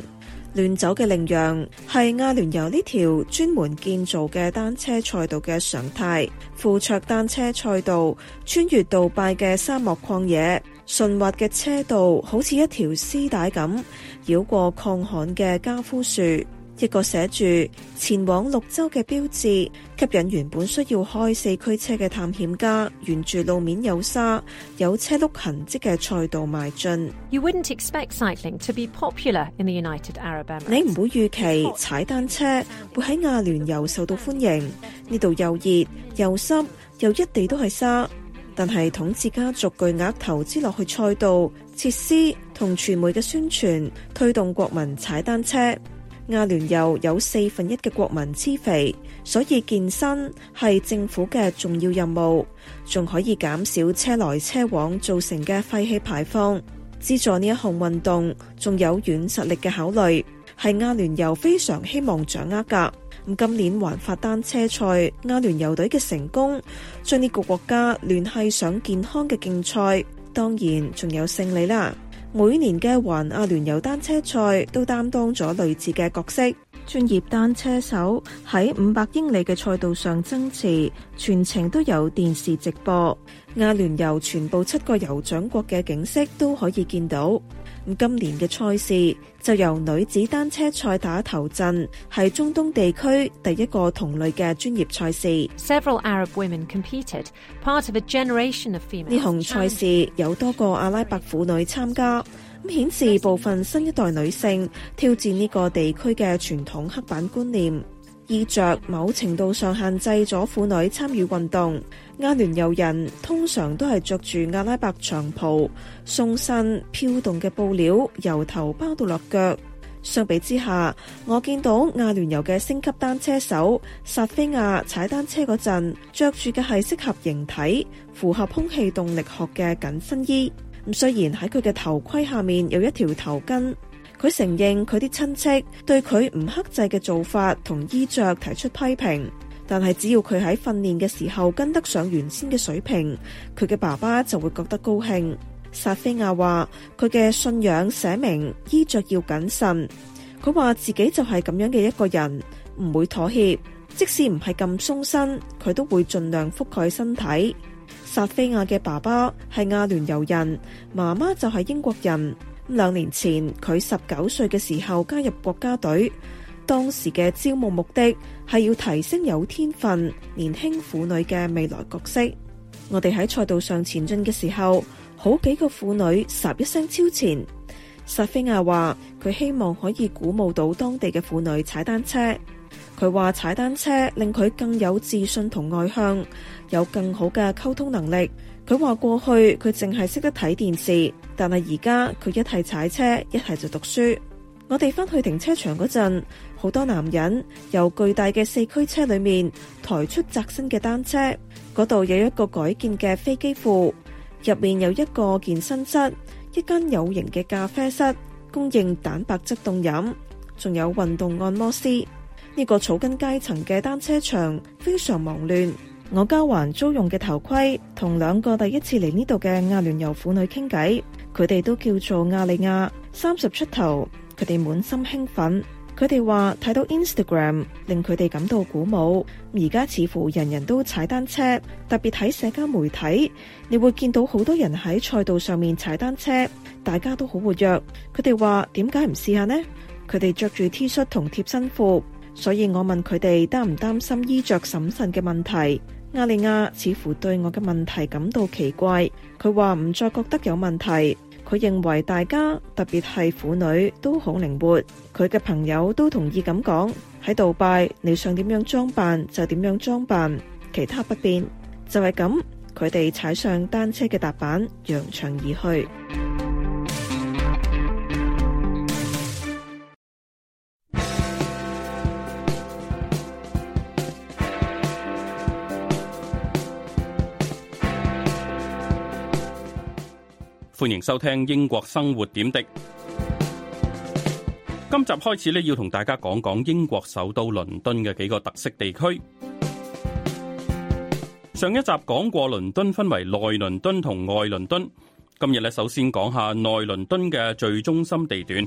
亂走嘅羚羊係阿聯酋呢條專門建造嘅單車賽道嘅常態。富卓單車賽道穿越杜拜嘅沙漠曠野，順滑嘅車道好似一條絲帶咁繞過抗旱嘅加夫樹。一個寫住前往綠洲嘅標誌，吸引原本需要開四驅車嘅探險家，沿住路面有沙、有車轆痕跡嘅賽道邁進。你唔會預期踩單車會喺阿聯酋受到歡迎。呢度又熱又濕，又一地都係沙，但係統治家族巨額投資落去賽道設施同傳媒嘅宣傳，推動國民踩單車。阿聯酋有四分一嘅國民黐肥，所以健身係政府嘅重要任務，仲可以減少車來車往造成嘅廢氣排放。資助呢一項運動，仲有軟實力嘅考慮，係阿聯酋非常希望掌握㗎。咁今年環法單車賽，阿聯酋隊嘅成功，將呢個國家聯繫上健康嘅競賽，當然仲有勝利啦。每年嘅環阿聯酋單車賽都擔當咗類似嘅角色，專業單車手喺五百英里嘅賽道上爭持，全程都有電視直播。阿聯酋全部七個酋長國嘅景色都可以見到。今年嘅賽事就由女子單車賽打頭陣，係中東地區第一個同類嘅專業賽事。Several Arab women competed, part of a generation of females. 呢項賽事有多個阿拉伯婦女參加，咁顯示部分新一代女性挑戰呢個地區嘅傳統刻板觀念。衣着某程度上限制咗婦女參與運動。阿聯酋人通常都係着住阿拉伯長袍，鬆身飄動嘅布料由頭包到落腳。相比之下，我見到阿聯酋嘅星級單車手薩菲亞踩單車嗰陣，着住嘅係適合形體、符合空氣動力學嘅緊身衣。咁雖然喺佢嘅頭盔下面有一條頭巾。佢承認佢啲親戚對佢唔克制嘅做法同衣着提出批評，但係只要佢喺訓練嘅時候跟得上原先嘅水平，佢嘅爸爸就會覺得高興。薩菲亞話，佢嘅信仰寫明衣着要謹慎。佢話自己就係咁樣嘅一個人，唔會妥協，即使唔係咁鬆身，佢都會盡量覆蓋身體。薩菲亞嘅爸爸係阿聯酋人，媽媽就係英國人。兩年前佢十九歲嘅時候加入國家隊，當時嘅招募目的係要提升有天分年輕婦女嘅未來角色。我哋喺賽道上前進嘅時候，好幾個婦女十一聲超前。薩菲亞話佢希望可以鼓舞到當地嘅婦女踩單車。佢話踩單車令佢更有自信同外向，有更好嘅溝通能力。佢話過去佢淨係識得睇電視，但係而家佢一係踩車，一係就讀書。我哋返去停車場嗰陣，好多男人由巨大嘅四驅車裏面抬出窄身嘅單車。嗰度有一個改建嘅飛機庫，入面有一個健身室，一間有型嘅咖啡室，供應蛋白質凍飲，仲有運動按摩師。呢個草根階層嘅單車場非常忙亂。我交還租用嘅頭盔，同兩個第一次嚟呢度嘅亞聯酋婦女傾偈，佢哋都叫做亞利亞，三十出頭，佢哋滿心興奮。佢哋話睇到 Instagram 令佢哋感到鼓舞，而家似乎人人都踩單車，特別睇社交媒體，你會見到好多人喺賽道上面踩單車，大家都好活躍。佢哋話點解唔試下呢？佢哋着住 T 恤同貼身褲，所以我問佢哋擔唔擔心衣着審慎嘅問題。阿利亞似乎對我嘅問題感到奇怪，佢話唔再覺得有問題，佢認為大家，特別係婦女，都好靈活，佢嘅朋友都同意咁講，喺杜拜你想點樣裝扮就點樣裝扮，其他不變，就係咁，佢哋踩上單車嘅踏板，揚長而去。歡迎收聽英國生活點滴。今集開始咧，要同大家講講英國首都倫敦嘅幾個特色地區。上一集講過，倫敦分為內倫敦同外倫敦。今日咧，首先講下內倫敦嘅最中心地段。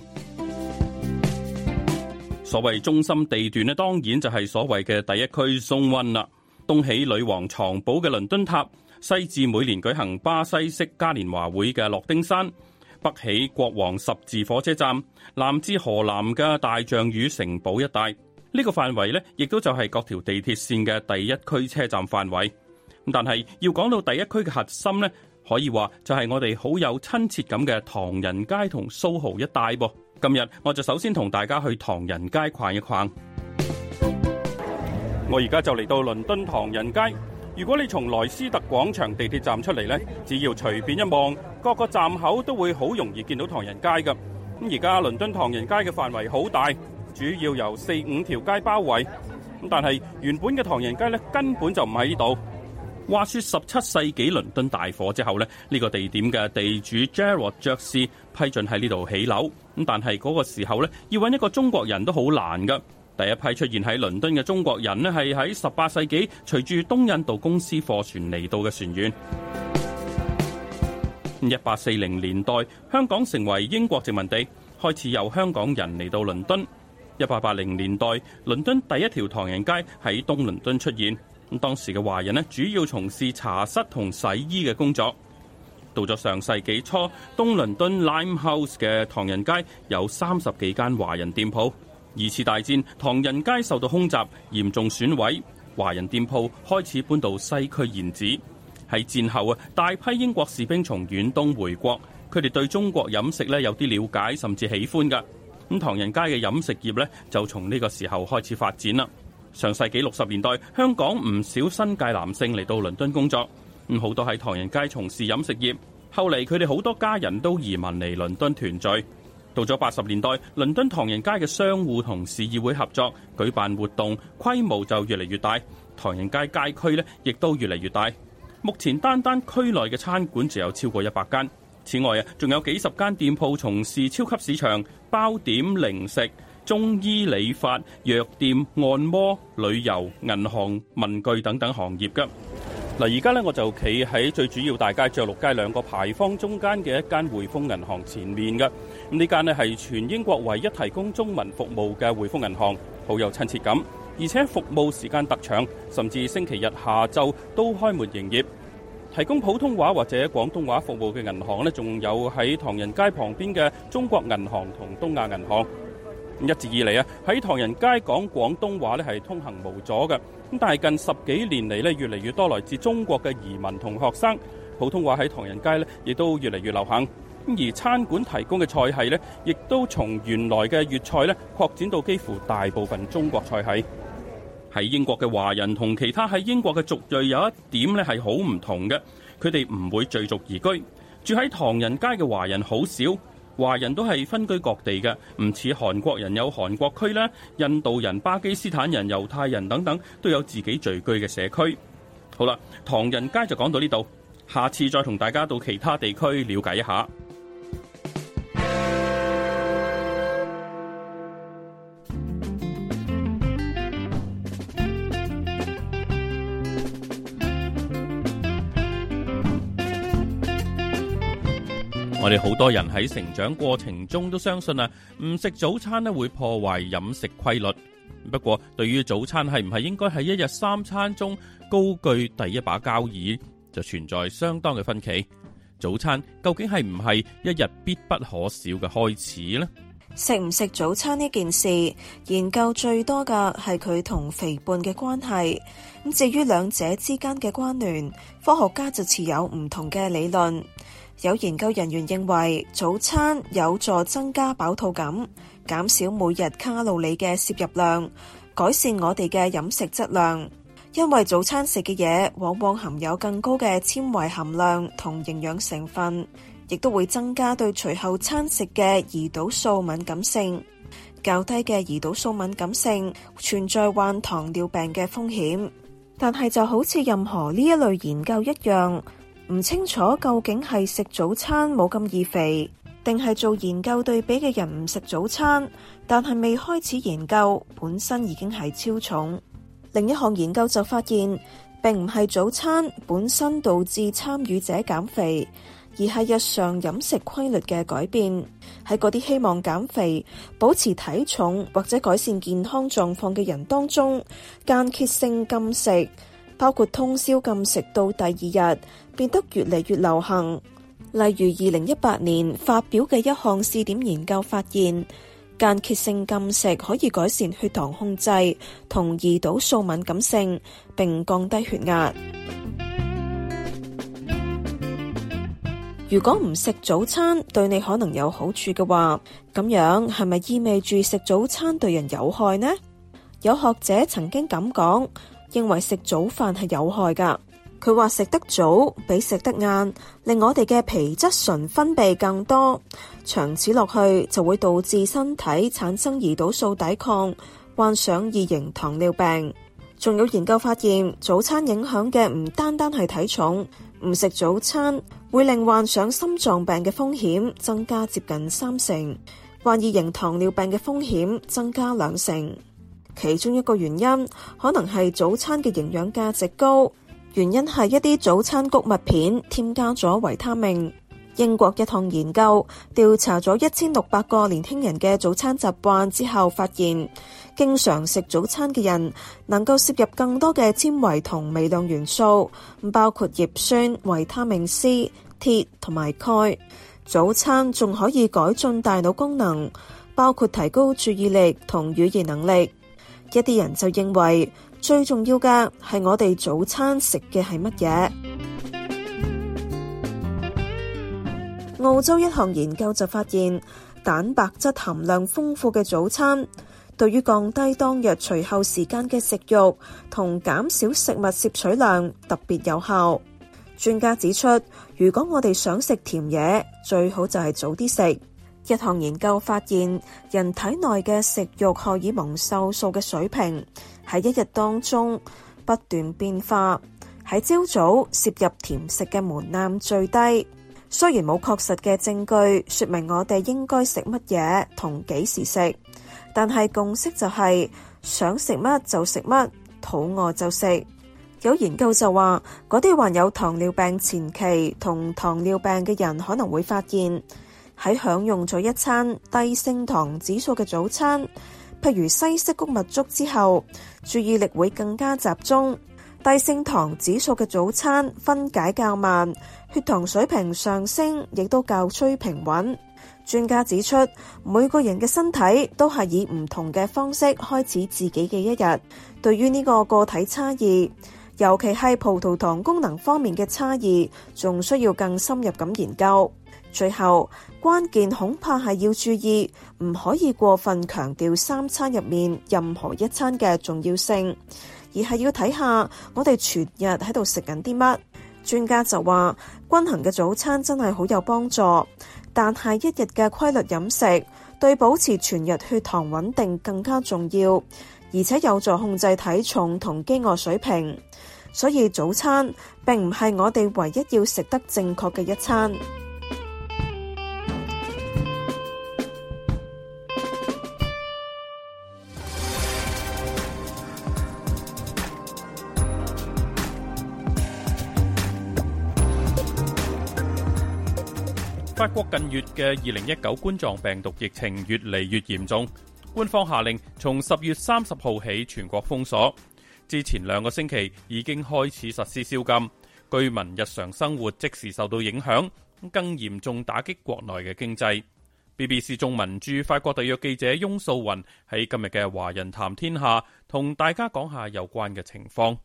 所謂中心地段咧，當然就係所謂嘅第一區，Zone One 啦，東起女王藏寶嘅倫敦塔。西至每年舉行巴西式嘉年華會嘅諾丁山，北起國王十字火車站，南至河南嘅大象與城堡一帶。呢、呢個範圍呢，亦都就係各條地鐵線嘅第一區車站範圍。但係要講到第一區嘅核心呢，可以話就係我哋好有親切感嘅唐人街同蘇豪一帶噃。今日我就首先同大家去唐人街逛一逛。我而家就嚟到倫敦唐人街。如果你從萊斯特廣場地鐵站出嚟呢，只要隨便一望，各個站口都會好容易見到唐人街㗎。咁而家倫敦唐人街嘅範圍好大，主要由四五條街包圍。但係原本嘅唐人街咧根本就唔喺呢度。話説十七世紀倫敦大火之後咧，呢個地點嘅地主 Jerro 爵士批准喺呢度起樓。咁但係嗰個時候呢，要揾一個中國人都好難㗎。第一批出現喺倫敦嘅中國人咧，係喺十八世紀隨住東印度公司貨船嚟到嘅船員。一八四零年代，香港成為英國殖民地，開始由香港人嚟到倫敦。一八八零年代，倫敦第一條唐人街喺東倫敦出現。咁當時嘅華人咧，主要從事茶室同洗衣嘅工作。到咗上世紀初，東倫敦 Limehouse 嘅唐人街有三十幾間華人店鋪。二次大戰，唐人街受到空襲，嚴重損毀，華人店鋪開始搬到西區現址。喺戰後啊，大批英國士兵從遠東回國，佢哋對中國飲食咧有啲了解，甚至喜歡㗎。咁唐人街嘅飲食業咧，就從呢個時候開始發展啦。上世紀六十年代，香港唔少新界男性嚟到倫敦工作，咁好多喺唐人街從事飲食業。後嚟佢哋好多家人都移民嚟倫敦團聚。到咗八十年代，倫敦唐人街嘅商戶同市議會合作舉辦活動，規模就越嚟越大。唐人街街區呢亦都越嚟越大。目前單單區內嘅餐館只有超過一百間。此外啊，仲有幾十間店鋪從事超級市場、包點、零食、中醫理髮、藥店、按摩、旅遊、銀行、文具等等行業㗎。嗱，而家呢，我就企喺最主要大街着陸街兩個牌坊中間嘅一間匯豐銀行前面㗎。呢間咧係全英國唯一提供中文服務嘅匯豐銀行，好有親切感，而且服務時間特長，甚至星期日下晝都開門營業。提供普通話或者廣東話服務嘅銀行咧，仲有喺唐人街旁邊嘅中國銀行同東亞銀行。一直以嚟啊，喺唐人街講廣東話咧係通行無阻嘅。咁但係近十幾年嚟咧，越嚟越多來自中國嘅移民同學生，普通話喺唐人街咧亦都越嚟越流行。而餐館提供嘅菜系呢，亦都從原來嘅粵菜呢擴展到幾乎大部分中國菜系。喺英國嘅華人同其他喺英國嘅族裔有一點呢係好唔同嘅，佢哋唔會聚族而居，住喺唐人街嘅華人好少，華人都係分居各地嘅，唔似韓國人有韓國區啦，印度人、巴基斯坦人、猶太人等等都有自己聚居嘅社區。好啦，唐人街就講到呢度，下次再同大家到其他地區了解一下。我哋好多人喺成長過程中都相信啊，唔食早餐呢會破壞飲食規律。不過，對於早餐係唔係應該喺一日三餐中高居第一把交椅，就存在相當嘅分歧。早餐究竟係唔係一日必不可少嘅開始呢？食唔食早餐呢件事，研究最多嘅係佢同肥胖嘅關係。咁至於兩者之間嘅關聯，科學家就持有唔同嘅理論。有研究人員認為，早餐有助增加飽肚感，減少每日卡路里嘅攝入量，改善我哋嘅飲食質量。因為早餐食嘅嘢往往含有更高嘅纖維含量同營養成分，亦都會增加對隨後餐食嘅胰島素敏感性。較低嘅胰島素敏感性存在患糖尿病嘅風險。但係就好似任何呢一類研究一樣。唔清楚究竟係食早餐冇咁易肥，定係做研究對比嘅人唔食早餐，但係未開始研究本身已經係超重。另一項研究就發現，並唔係早餐本身導致參與者減肥，而係日常飲食規律嘅改變。喺嗰啲希望減肥、保持體重或者改善健康狀況嘅人當中，間歇性禁食。包括通宵禁食到第二日變得越嚟越流行，例如二零一八年發表嘅一項試點研究發現，間歇性禁食可以改善血糖控制同胰島素敏感性，並降低血壓。 如果唔食早餐對你可能有好處嘅話，咁樣係咪意味住食早餐對人有害呢？有學者曾經咁講。認為食早飯係有害㗎，佢話食得早比食得晏令我哋嘅皮質醇分泌更多，長此落去就會導致身體產生胰島素抵抗，患上二型糖尿病。仲有研究發現，早餐影響嘅唔單單係體重，唔食早餐會令患上心臟病嘅風險增加接近三成，患二型糖尿病嘅風險增加兩成。其中一個原因可能係早餐嘅營養價值高，原因係一啲早餐谷物片添加咗維他命。英國一趟研究調查咗一千六百個年輕人嘅早餐習慣之後，發現經常食早餐嘅人能夠攝入更多嘅纖維同微量元素，包括葉酸、維他命 C、鐵同埋鈣。早餐仲可以改進大腦功能，包括提高注意力同語言能力。一啲人就認為最重要嘅係我哋早餐食嘅係乜嘢？澳洲一項研究就發現，蛋白質含量豐富嘅早餐對於降低當日隨後時間嘅食欲同減少食物攝取量特別有效。專家指出，如果我哋想食甜嘢，最好就係早啲食。一項研究發現，人體內嘅食慾荷爾蒙瘦素嘅水平喺一日當中不斷變化。喺朝早攝入甜食嘅門檻最低。雖然冇確實嘅證據説明我哋應該食乜嘢同幾時食，但係共識就係想食乜就食乜，肚餓就食。有研究就話，嗰啲患有糖尿病前期同糖尿病嘅人可能會發現。喺享用咗一餐低升糖指數嘅早餐，譬如西式谷物粥之後，注意力會更加集中。低升糖指數嘅早餐分解較慢，血糖水平上升亦都較趨平穩。專家指出，每個人嘅身體都係以唔同嘅方式開始自己嘅一日。對於呢個個體差異，尤其係葡萄糖功能方面嘅差異，仲需要更深入咁研究。最後。關鍵恐怕係要注意，唔可以過分強調三餐入面任何一餐嘅重要性，而係要睇下我哋全日喺度食緊啲乜。專家就話均衡嘅早餐真係好有幫助，但係一日嘅規律飲食對保持全日血糖穩定更加重要，而且有助控制體重同飢餓水平。所以早餐並唔係我哋唯一要食得正確嘅一餐。法國近月嘅二零一九冠狀病毒疫情越嚟越嚴重，官方下令從十月三十號起全國封鎖。之前兩個星期已經開始實施宵禁，居民日常生活即時受到影響，更嚴重打擊國內嘅經濟。BBC 中文駐法國特約記者翁素雲喺今日嘅《華人談天下》同大家講下有關嘅情況。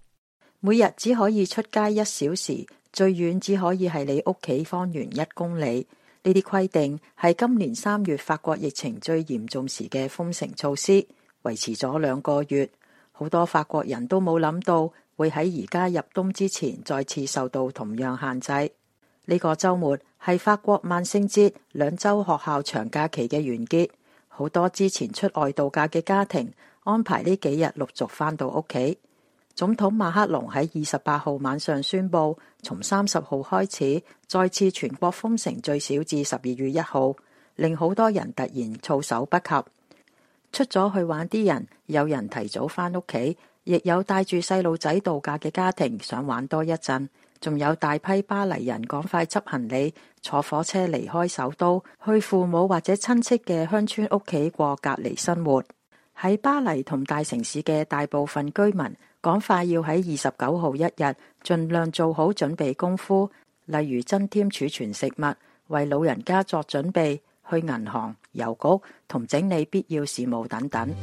每日只可以出街一小時，最遠只可以係你屋企方圓一公里。呢啲規定係今年三月法國疫情最嚴重時嘅封城措施，維持咗兩個月。好多法國人都冇諗到會喺而家入冬之前再次受到同樣限制。呢個週末係法國萬聖節兩週學校長假期嘅完結，好多之前出外度假嘅家庭安排呢幾日陸續返到屋企。總統馬克龍喺二十八號晚上宣布，從三十號開始再次全國封城，最少至十二月一號，令好多人突然措手不及。出咗去玩啲人，有人提早返屋企，亦有帶住細路仔度假嘅家庭想玩多一陣，仲有大批巴黎人趕快執行李坐火車離開首都，去父母或者親戚嘅鄉村屋企過隔離生活。喺巴黎同大城市嘅大部分居民，趕快要喺二十九號一日，盡量做好準備功夫，例如增添儲存食物，為老人家作準備，去銀行、郵局同整理必要事務等等。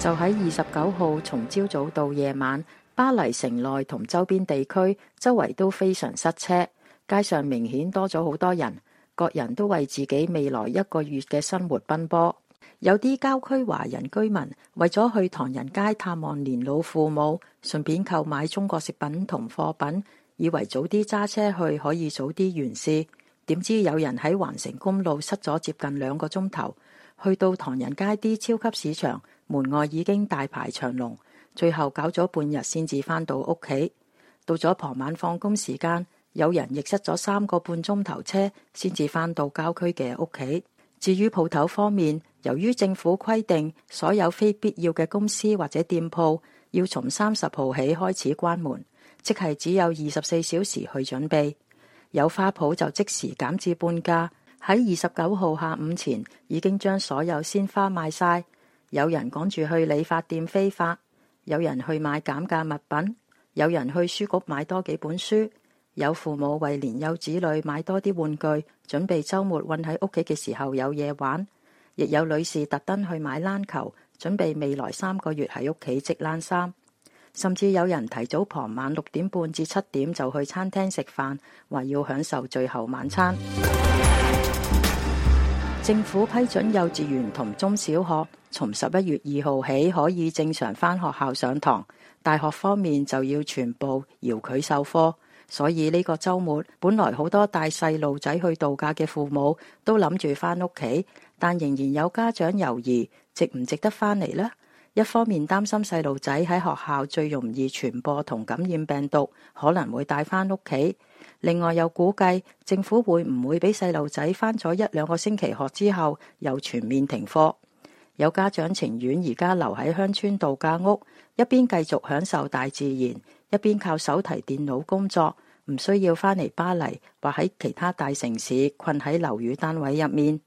就喺二十九號，從朝早到夜晚，巴黎城內同周邊地區周圍都非常塞車，街上明顯多咗好多人，各人都為自己未來一個月嘅生活奔波。有啲郊區華人居民為咗去唐人街探望年老父母，順便購買中國食品同貨品，以為早啲揸車去可以早啲完事。點知有人喺環城公路塞咗接近兩個鐘頭，去到唐人街啲超級市場門外已經大排長龍，最後搞咗半日先至返到屋企。到咗傍晚放工時間，有人亦塞咗三個半鐘頭車，先至返到郊區嘅屋企。至於鋪頭方面，由於政府規定，所有非必要嘅公司或者店鋪要從三十號起開始關門，即係只有二十四小時去準備。有花圃就即時減至半價。喺二十九號下午前已經將所有鮮花賣晒。有人趕住去理髮店飛髮，有人去買減價物品，有人去書局買多幾本書，有父母為年幼子女買多啲玩具，準備週末困喺屋企嘅時候有嘢玩。亦有女士特登去買籃球，準備未來三個月喺屋企織冷衫。甚至有人提早傍晚六點半至七點就去餐廳食飯，話要享受最後晚餐。 政府批准幼稚園同中小學從十一月二號起可以正常返學校上堂，大學方面就要全部遙距授課。所以呢個周末本來好多帶細路仔去度假嘅父母都諗住返屋企。但仍然有家長猶豫，值唔值得返嚟呢？一方面擔心細路仔喺學校最容易傳播同感染病毒，可能會帶返屋企。另外又估計政府會唔會俾細路仔返咗一兩個星期學之後又全面停課？有家長情願而家留喺鄉村度假屋，一邊繼續享受大自然，一邊靠手提電腦工作，唔需要返嚟巴黎或喺其他大城市困喺樓宇單位入面。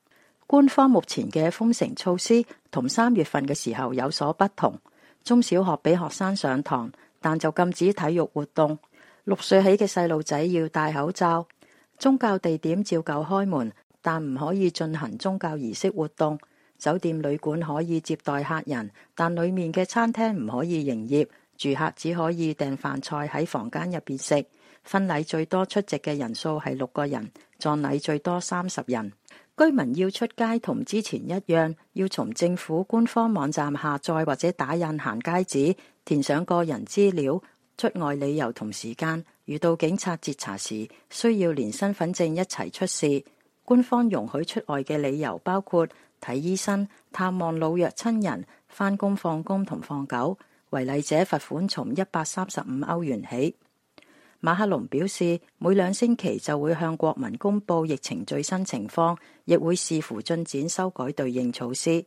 官方目前嘅封城措施同三月份嘅時候有所不同。中小學俾學生上堂，但就禁止體育活動。六歲起嘅細路仔要戴口罩。宗教地點照舊開門，但唔可以進行宗教儀式活動。酒店旅館可以接待客人，但裏面嘅餐廳唔可以營業。住客只可以訂飯菜喺房間入邊食。婚禮最多出席嘅人數係六個人，葬禮最多三十人。居民要出街同之前一樣，要從政府官方網站下載或者打印行街紙，填上個人資料、出外理由同時間。遇到警察截查時，需要連身份證一齊出示。官方容許出外嘅理由包括睇醫生、探望老弱親人、返工放工同放狗。違例者罰款從一百三十五歐元起。馬克龍表示，每兩星期就會向國民公布疫情最新情況，亦會視乎進展修改對應措施。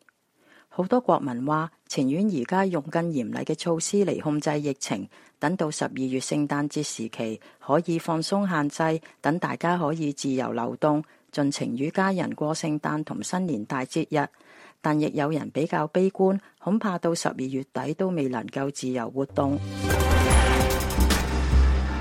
好多國民話，情願而家用更嚴厲嘅措施嚟控制疫情，等到十二月聖誕節時期，可以放鬆限制，等大家可以自由流動，盡情與家人過聖誕同新年大節日。但亦有人比較悲觀，恐怕到十二月底都未能夠自由活動。